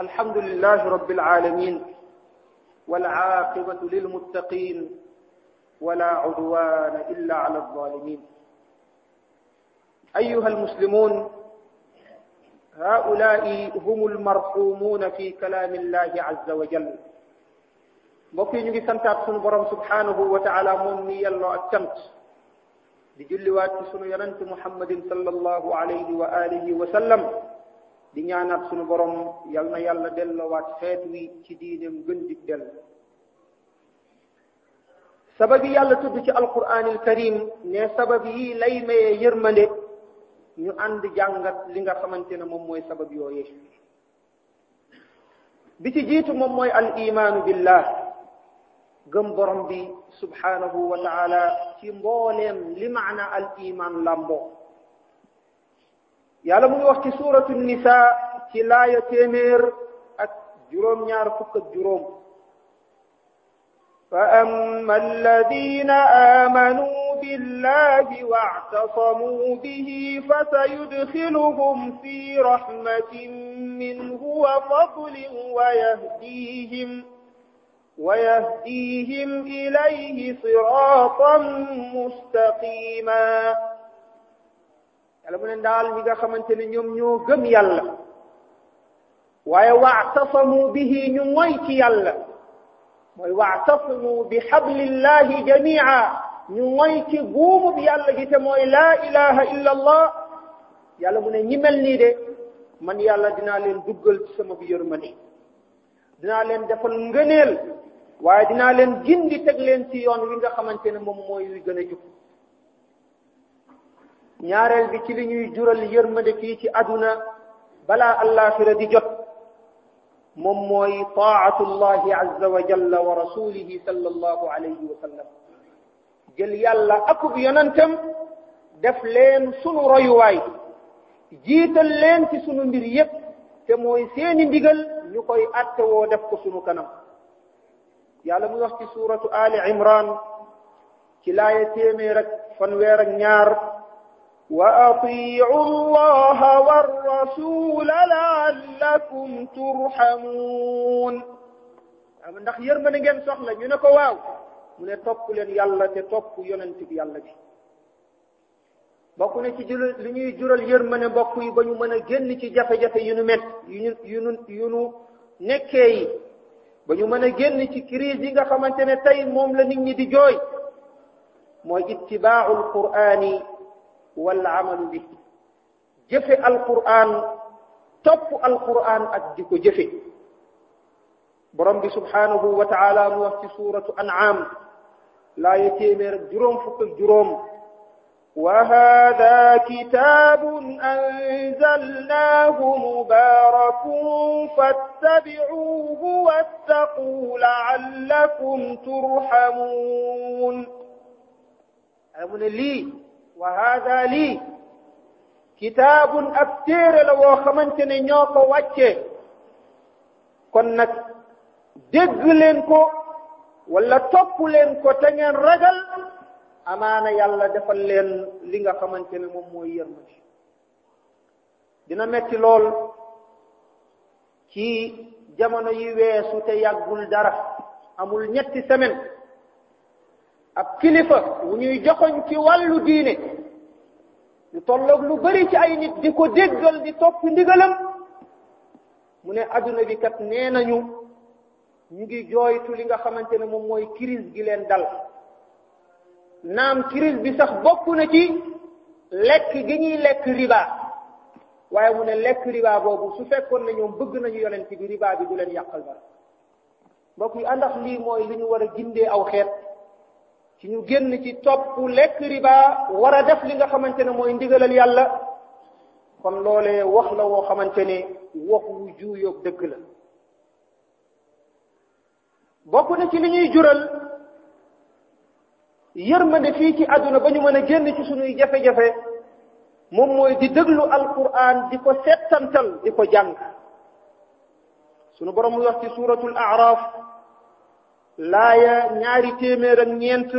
الحمد لله رب العالمين والعاقبة للمتقين ولا عدوان إلا على الظالمين أيها المسلمون هؤلاء هم المرحومون في كلام الله عز وجل mbokk yi ñu ngi santaat sunu borom subhanahu wa taala moom mi yelloo ak cant di julliwaat ci sunu yonent muhammadin sallallahu alayhi wa alihi wa sallam di ñaanaat sunu borom yal na yàlla delloowaat xeet wi ci diineem gën di dellu sabab yi yàlla tudd ci alquranil karim ne sabab yi lay mayee yërmande ñu ànd jàngat li nga xamante ne moom mooy sabab yooye bi ci jiitu moom mooy al billah gëm borom bi subhanahu wa taala ci mbooleem li maana al imaan yàlla mu ngi wax ci suuratu nisaa ci laaya téeméer ak juróom-ñaar fukk ak juróom fa amma alladina aamanuu billahi waactasamuu bihi fa sayudxiluhum fi rahmatin minhu wa fadlin wa yahdiihim wa yahdiihim ilayhi siraatan mustaqiima yàlla mu ne ndaal ñi nga xamante ne ñoom ñoo gëm yàlla waaye waatasamu bihi ñu moy ci yàlla mooy waatasamu bi xablillahi jamia ñu moy ci buumub yàlla gi te mooy la ilaha illa allah yàlla mu ne ñi mel nii de man yàlla dinaa leen duggal ci sama bi yërmande dinaa leen defal ngëneel waaye dinaa leen gindi teg leen ci yoon wi nga xamante ne moom mooy wi gën a jub ñaareel bi ci li ñuy jural yërmande fii ci aduna balaa allaaxira di jot moom mooy taatullahi azza wa jalla wa rasulihi sallallahu alayhi wa sallam jël yàlla akub yonantam def leen sunu royuwaay jiital leen ci sunu mbir yépp te mooy seeni ndigal ñu koy attewoo def ko sunu kanam yàlla muy wax ci suuratu ali imran ci laaya téeméer ak fanweer ak ñaar وأطيعوا الله والرسول لعلكم ترحمون am ndax yërmande ngeen soxla ñu ne ko waaw mu ne topp leen yàlla te topp yonent bi yàlla bi bokk na ci jural li ñuy jural yërmande mbokk yi ba ñu mën a génn ci jafe-jafe yu nu met yu nu yu nu yu nu nekkee yi ba ñu mën a génn ci crise yi nga xamante ne tey moom la nit ñi di jooy mooy ittibaaul qur'aani wal amalu bi jëfe alquran topp alquran ak di ko jëfe borom bi subhanahu wa taala mu wax ci suratu an'am laaye téeméer ak juróom fukk ak juróom وهذا كتاب أنزلناه مبارك فاتبعوه واتقوا لعلكم ترحمون amu ne lii وهذا لي kitaabun ab téere la woo xamante ne ñoo ko wàcce kon nag dégg leen ko walla topp leen ko te ngeen ragal amaana yàlla defal leen li nga xamante ne moom mooy yërmande dina metti lool ci jamono yi weesu te yàggul dara amul ñetti semen ab kilifa wu ñuy joxoñ ci wàllu diine lu tolloog lu bari ci ay nit di ko déggal di topp ndigalam mu ne adduna bi kat nee nañu ñu ngi jooytu li nga xamante ne moom mooy crise gi leen dal naam crise bi sax bokk na ci lekk gi ñuy lekk riba waaye mu ne lekk riba boobu su fekkoon ne ñoom bëgg nañu yonent bi riba bi du leen yàqal dara mbokk yi àndax lii mooy li ñu war a gindee aw xeet ci ñu génn ci topp lekk riba war a def li nga xamante ne mooy ndigalal yàlla kon loolee wax la woo xamante ne wax wu juuyoog dëgg la bokk na ci li ñuy jural yërmande fii ci àdduna ba ñu mën a génn ci sunuy jafe-jafe moom mooy di déglu alquran di ko settantal di ko jàng sunu borom muy wax ci suuratul Aaraaf laaya ñaari téeméer ak ñeent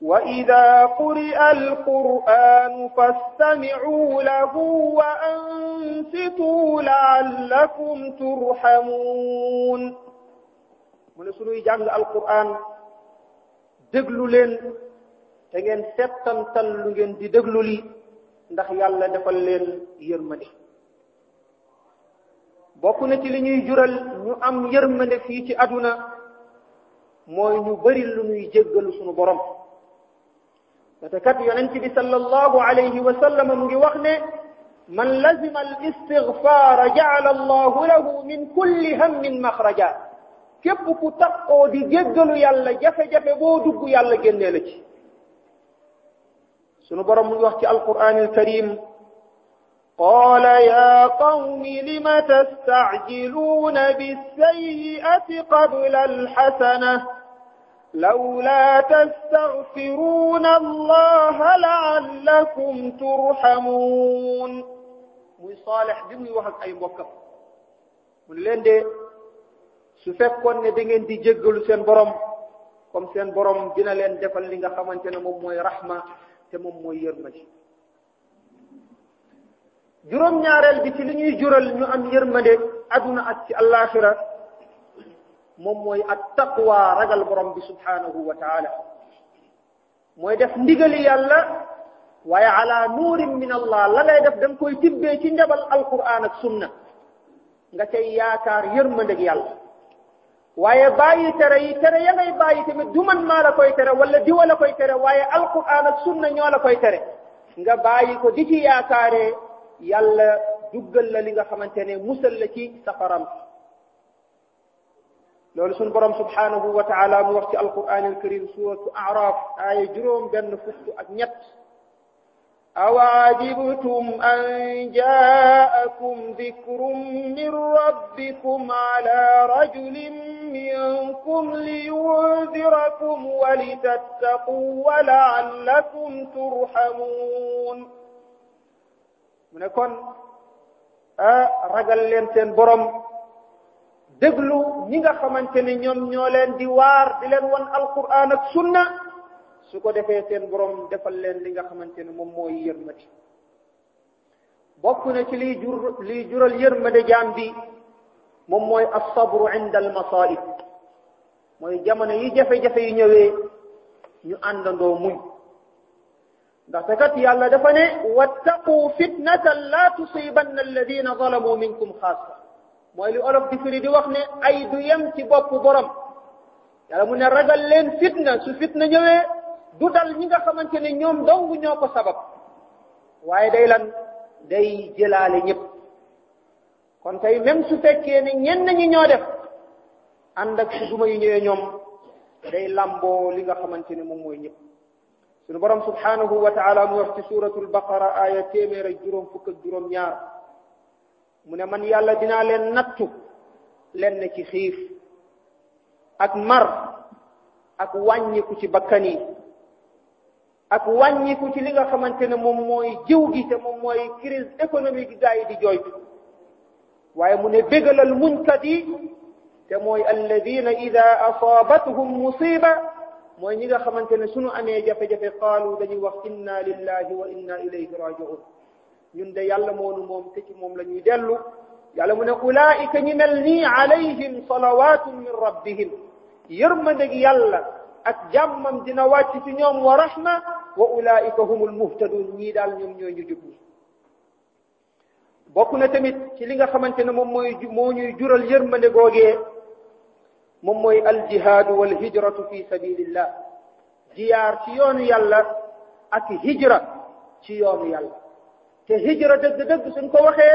wa ida quri'a alqur'anu fastami'u lahu wa ansitu la'allakum turhamun mu ne sunuy jàng alqur'an déglu leen te ngeen settantal lu ngeen di déglu li ndax yàlla defal leen yërmande bokk na ci li jural ñu am yërmande fii ci aduna mooy ñu bëri lu ñuy jéggalu suñu borom parce kat yonent bi sallallahu alayhi wa sallam mu ngi wax ne man lazima al istigfaara jaala allahu lahu min kulli hammin maxraja képp ku taqoo di jéggalu yàlla jafe-jafe boo dugg yàlla génnee la ci sunu borom mu ngi wax ci alquran alkarim qaala ya qawmi lima tastacjiluuna bissayi'ati qabla alxasana لولا تستغفرون الله لعلكم ترحمون muy Saalix bi muy wax ak ay mbokkam mu leen de su fekkoon ne dingeen ngeen di jéggalu seen borom comme seen borom dina leen defal li nga xamante ne moom mooy rahma te moom mooy yërmande juróom-ñaareel bi ci li ñuy jural ñu am yërmande aduna ak ci àllaaxira moom mooy at taqwa ragal borom bi subhanahu wa taala mooy def ndigali yàlla waaye ala nuurin min allah la def da nga koy tibbee ci njabal alquran ak sunna nga cay yaakaar yërmandeg yàlla waaye bàyyi tere yi tere ya ngay bàyyi tamit du koy tere wala diwa koy tere waaye alquran ak sunna ñoo la koy tere nga bàyyi ko di ci yaakaaree duggal la li nga xamante ne musal la ci safaram loolu suñ borom subhanahu wa taala mu wax ci alquran alkarim suratu araf aaya juróom benn fukk ak ñett aw ajibtum an jaakum dikrun min rabbikum ala rajulin minkum liyundirakum wa litattaqu wa laallakum turhamun mu ne kon ah, ragal leen seen borom déglu ñi nga xamante ne ñoom ñoo leen di waar di leen wan alquran ak sunna ko defee seen borom defal leen li nga xamante ne moom mooy yërmati bokk na ci liy jur liy jural yërmade jaam bi moom mooy assabru inda al mooy jamono yi jafe-jafe yi ñëwee ñu àndandoo muñ ndaxte kat yàlla dafa ne wattaqu fitnatan la tusibanna alladina zalamu minkum xaasa mooy li olof di firi wax ne ay du yem ci boppu borom yàlla mu ne ragal leen fitna su fitna ñëwee du dal ñi nga xamante ne ñoom dong ñoo ko sabab waaye day lan day jëlaale ñëpp kon tey même su fekkee ne ñenn ñi ñoo def ànd ak su duma yu ñëwee ñoom day lamboo li nga xamante ne moom mooy ñëpp sunu borom subhanahu wa taala mu wax ci suratul baqara aya téeméer ak ñaar mu ne man yàlla dinaa leen nattu leen ci xiif ak mar ak wàññiku ci bakkan yi ak wàññiku ci li nga xamante ne moom mooy jiw gi te moom mooy crise économique gaa di jooytu waaye mu ne bégalal muñkat yi te mooy alladina ida asaabathum musiba mooy ñi nga xamante ne sunu amee jafe-jafe qaalu dañuy wax inna lillahi wa inna ilayhi rajiun ñun de yàlla moonu moom te ci moom la ñuy dellu yàlla mu ne ulaika ñi mel nii alayhim salawatu min rabbihim yërmandeg yàlla ak jàmmam dina wàcc ci ñoom wa rahma wa ulaika humul muhtadun ñii daal ñoom ñoo ñu jub bokk na tamit ci li nga xamante ne moom mooy moo ñuy jural yërmande googee moom mooy aljihaadu wa hijratu fi sabilillah jiyaar ci yoonu yàlla ak hijra ci yoonu yàlla te hijra dëgg-dëgg suñ ko waxee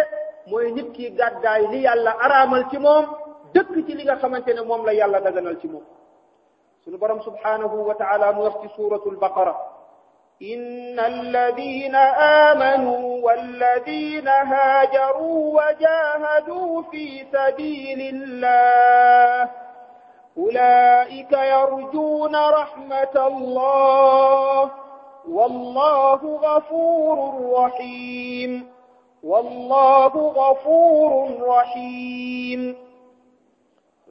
mooy nit ki gàddaay li yàlla araamal ci moom dëkk ci li nga xamante ne moom la yàlla daganal ci moom suñu borom subhanahu wa taala mu wax ci suratul baqara إن الذين آمنوا والذين هاجروا وجاهدوا في سبيل الله أولئك يرجون رحمة الله والله غفور رحيم والله غفور رحيم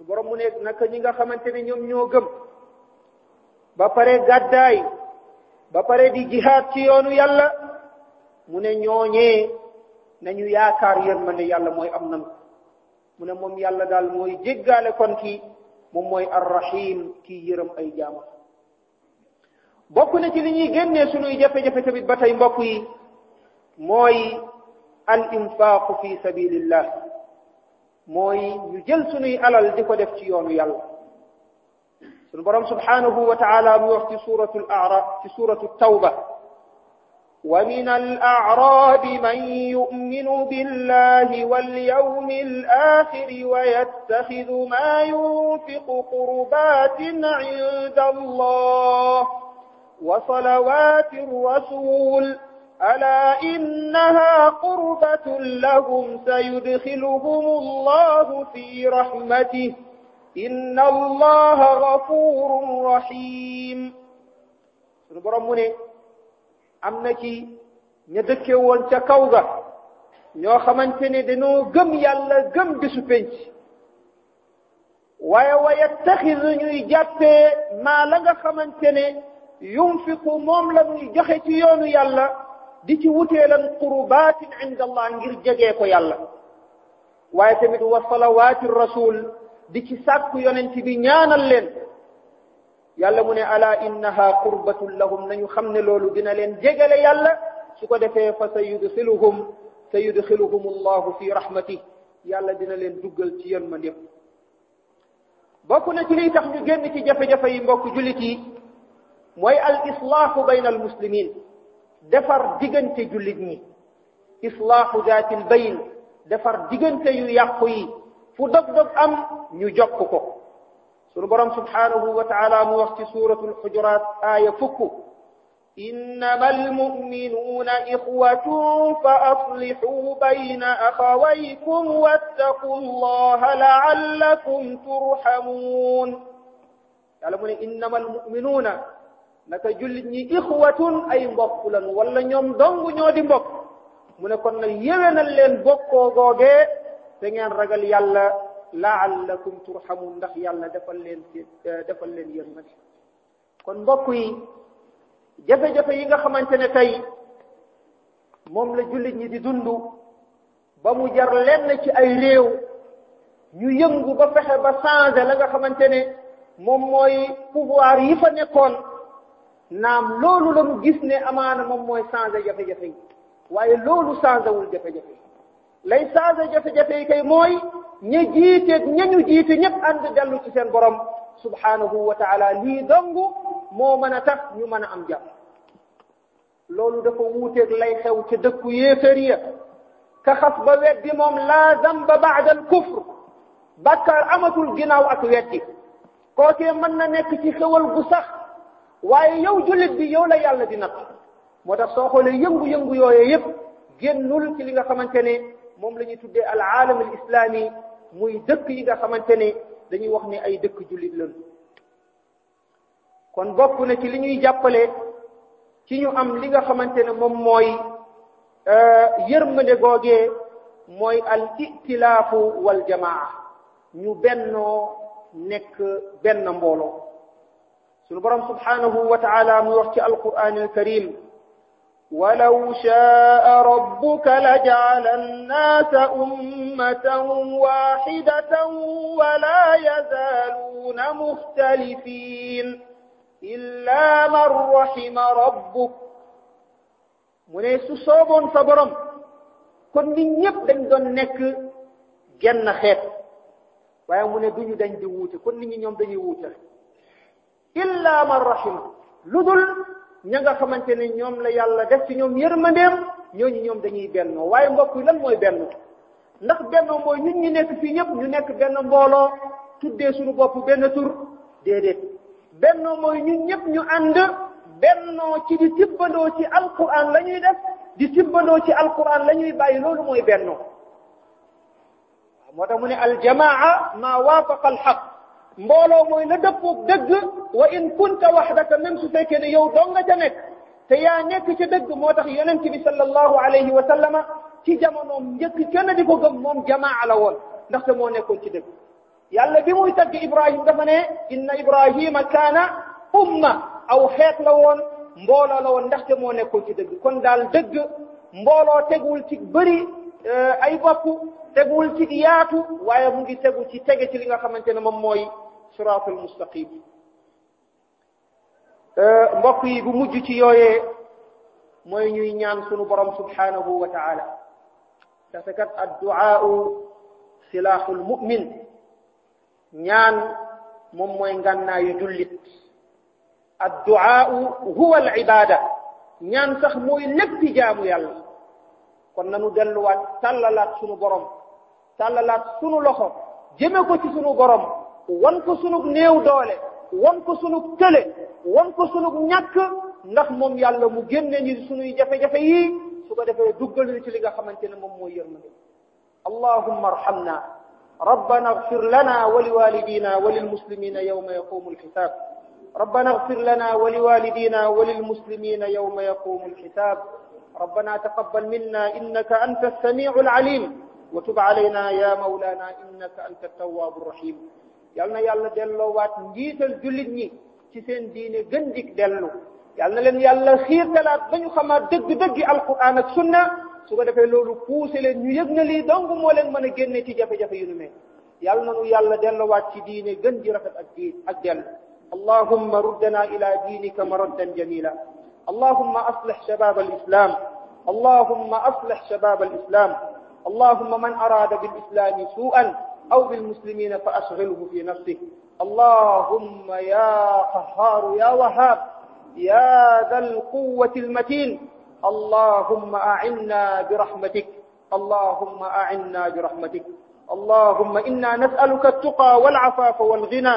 borom mu nekk naka ñi nga xamante ne ñoom ñoo gëm ba pare gàddaay ba pare di jihaad ci yoonu yàlla mu ne ñooñee nañu yaakaar yërmande yàlla mooy am nan mu ne moom yàlla daal mooy jéggaale kon kii moom mooy arrahim kii yërëm ay jaamam bokk na ci li ñuy génnee sunuy jafe-jafe tamit ba tey mbokk yi mooy al infaaqu fi sabilillah mooy ñu jël sunuy alal di ko def ci yoonu yàlla sunu borom subhanahu wa taala mu wax ci suratu al a'raf ci suratu tawba wa min al a'rabi man yu'minu billahi wal yawmil aaxiri wa yattaxidu ma yunfiqu qurbatin inda allah وصلوات الرسول ألا إنها قربة لهم سيدخلهم الله في رحمته إن الله غفور رحيم sunu borom mu ne am na ci ña dëkke woon ca kaw ga ñoo xamante ne dañoo gëm yàlla gëm bisu penc waaye wa yattaxisu ñuy jàppee maa la nga xamante ne yunfiqu moom la muy joxe ci yoonu yàlla di ci wuteelan qurubatin inda allah ngir jegee ko yàlla waaye tamit wa salawaati rasul di ci sàkku yonent bi ñaanal leen yàlla mu ne ala innaha qurbatun lahum nañu xam ne loolu dina leen jegale yàlla su ko defee fa sa yudxiluhum sa yudxiluhum allahu fi rahmatih yàlla dina leen duggal ci yërmandem bokk na ci liy tax ñu génn ci jafe-jafe yi mooy al islaahu bayna al muslimin defar diggante jullit ñi islaahu zaati l bayn defar diggante yu yàqu yi fu dog-dog am ñu jokk ko sunu borom subhaanahu wa taala mu wax ci suuratu lxujuraat aaya fukk innama almuminuuna ixwatun fa aslixuu bayna axawaykum wattaqu allaha laallakum turxamuun yàlla mu ne innama almuminuuna naka jullit ñi ixwatun ay mbokk lañu wala ñoom dong ñoo di mbokk mu ne kon nag yéwénal leen bokkoo googee da ngeen ragal yàlla la laallakum turhamun ndax yàlla defal leen euh, defal leen yërmande kon mbokk yi jafe-jafe yi nga xamante ne tey moom la jullit ñi di dund ba mu jar lenn ci ay réew ñu yëngu ba fexe ba changer nga xamante ne moom mooy pouvoir yi fa nekkoon naam loolu la mu gis ne amaana moom mooy changé jafe-jafe yi waaye loolu changé wul jafe-jafe lay changé jafe-jafe yi kay mooy ña jiiteeg ñañu jiite ñëpp ànd dellu ci seen borom subhanahu wa taala lii dong moo mën a tax ñu mën a am jàmm loolu dafa wuuteeg lay xew ci dëkku yéefar ya ka xas ba weddi moom laa zamba baada al kufr bàkkaar amatul ginnaaw ak weddi kookee mën na nekk ci xewal gu sax waaye yow jullit bi yow la yàlla di natt moo tax soo xoolee yëngu-yëngu yooyee yëpp génnul ci li nga xamante ne moom la tuddee al aalam al islami muy dëkk yi nga xamante ne dañuy wax ni ay dëkk jullit lañ kon bokk na ci li ñuy jàppale ci ñu am li nga xamante ne moom mooy euh, yërmande googee mooy al itilaafu wal jamaa ñu bennoo nekk benn mbooloo suñu borom subhanahu wa taala muy wax ci alquran alkarim walaw shaa rabbuka la jaala annaasa ummatan waxidatan wala yazaaluuna muxtalifin illa man rahima rabbuk mu ne su sooboon sa borom kon nit ñëpp dañ doon nekk genn xeet waaye mu ne duñu dañ di wuute kon nit ñi ñoom dañuy wuute illa man rahima lu dul ña nga xamante ne ñoom la yàlla def ci ñoom yërmandeem ñooñu ñoom dañuy bennoo waaye mbokk yi lan mooy benn ndax bennoo mooy nit ñi nekk fii ñëpp ñu nekk benn mbooloo tuddee suñu bopp benn tur déedéet bennoo mooy ñu ànd bennoo ci di tibbandoo ci alquran la ñuy def di tibbandoo ci alquran la ñuy bàyyi loolu mooy bennoo moo tax aljamaa maa waafaqa alxaq mbooloo mooy la dëppoog dëgg wa in kunta waxdaka même su fekkee ne yow dong nga ca nekk te yaa nekk ci dëgg moo tax yonent bi sallallahu alayhi wa sallama ci jamonoom njëkk kenn di ko gëm moom jamaa la woon ndaxte moo nekkoon ci dëgg yàlla bi muy tagg Ibrahim dafa ne inna Ibrahima kaana umma aw xeet la woon mbooloo la woon ndaxte moo nekkoon ci dëgg kon daal dëgg mbooloo tegul ci bëri euh, ay bopp teguwul ci yaatu waaye mu ngi tegu ci tege ci li nga xamante ne moom mooy siraatul mustaqim euh, mbokk yi bu mujj ci yooyee mooy ñuy ñaan sunu borom subhanahu wa ta'ala parce que adduaau silaaxul mu'min ñaan moom mooy ngànnaayu jullit adduaau huwa al ibada ñaan sax mooy lépp jaamu yàlla kon nanu delluwaat tàllalaat sunu borom tàllalaat sunu loxo jëme ko ci sunu borom wan ko sunu néew doole wan ko sunu tële wan ko sunu ñàkk ndax moom yàlla mu génne ñi sunuy jafe-jafe yi su ko defee duggal ni ci li nga xamante ne moom mooy yërmande allahumma arhamna rabbana ighfir lana wa liwalidina wa lilmuslimina yawma yaqumu alhisab ربنا اغفر لنا ولوالدينا وللمسلمين يوم يقوم الحساب ربنا تقبل منا إنك أنت السميع العليم watub alayna ya mawlana innaka anta tawaabu rahim yal na yàlla delloowaat njiital jullit ñi ci seen diine gën dik dellu yal na leen yàlla xiirtalaat ba ñu xamaat dëgg-dëggi alquran ak sunna su ko defee loolu puuse leen ñu yëg na lii dong moo leen mën a génne ci jafe-jafe yu nu mel yal na nu yàlla delloowaat ci diine gën ji rafet ak diin ak dellu allahumma ruddana ila diinika maraddan jamila allahumma aslih shabab al islam allahumma aslih shabab al islam اللهم من أراد بالإسلام سوءا أو بالمسلمين فأشغله في نفسه اللهم يا قهار يا وهاب يا ذا القوة المتين اللهم أعنا برحمتك اللهم أعنا برحمتك اللهم إنا نسألك التقى والعفاف والغنى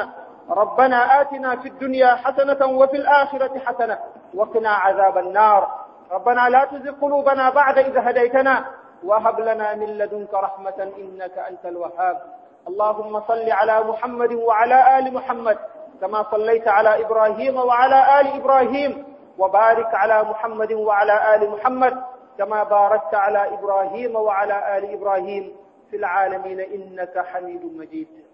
ربنا آتنا في الدنيا حسنة وفي الآخرة حسنة وقنا عذاب النار ربنا لا تزغ قلوبنا بعد إذ هديتنا وهب لنا من لدنك رحمة إنك أنت الوهاب اللهم صل على محمد وعلى آل محمد كما صليت على إبراهيم وعلى آل إبراهيم وبارك على محمد وعلى آل محمد كما باركت على إبراهيم وعلى آل إبراهيم في العالمين إنك حميد مجيد